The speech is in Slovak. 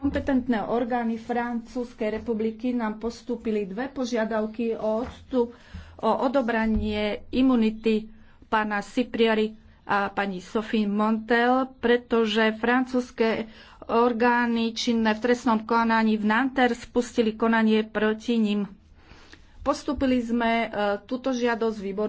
Kompetentné orgány Francúzskej republiky nám postúpili dve požiadavky o odstup, o odobranie imunity pána Cipriari a pani Sophie Montel, pretože francúzske orgány činné v trestnom konaní v Nanter spustili konanie proti nim. Postúpili sme e, túto žiadosť výboru.